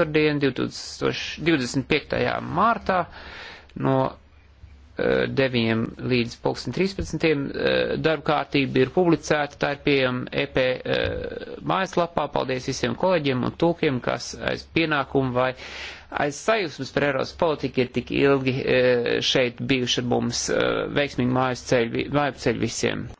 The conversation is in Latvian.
ceturtdien, 25. mārtā, no 9 eh, līdz 2013. Eh, darba kārtība ir publicēta, tā ir pieejama EP eh, mājaslapā. Paldies visiem kolēģiem un tūkiem, kas aiz pienākumu vai aiz sajūsmas par Eiropas politiku ir tik ilgi šeit bijuši ar mums. Veiksmīgi mājas ceļu, māju ceļu visiem!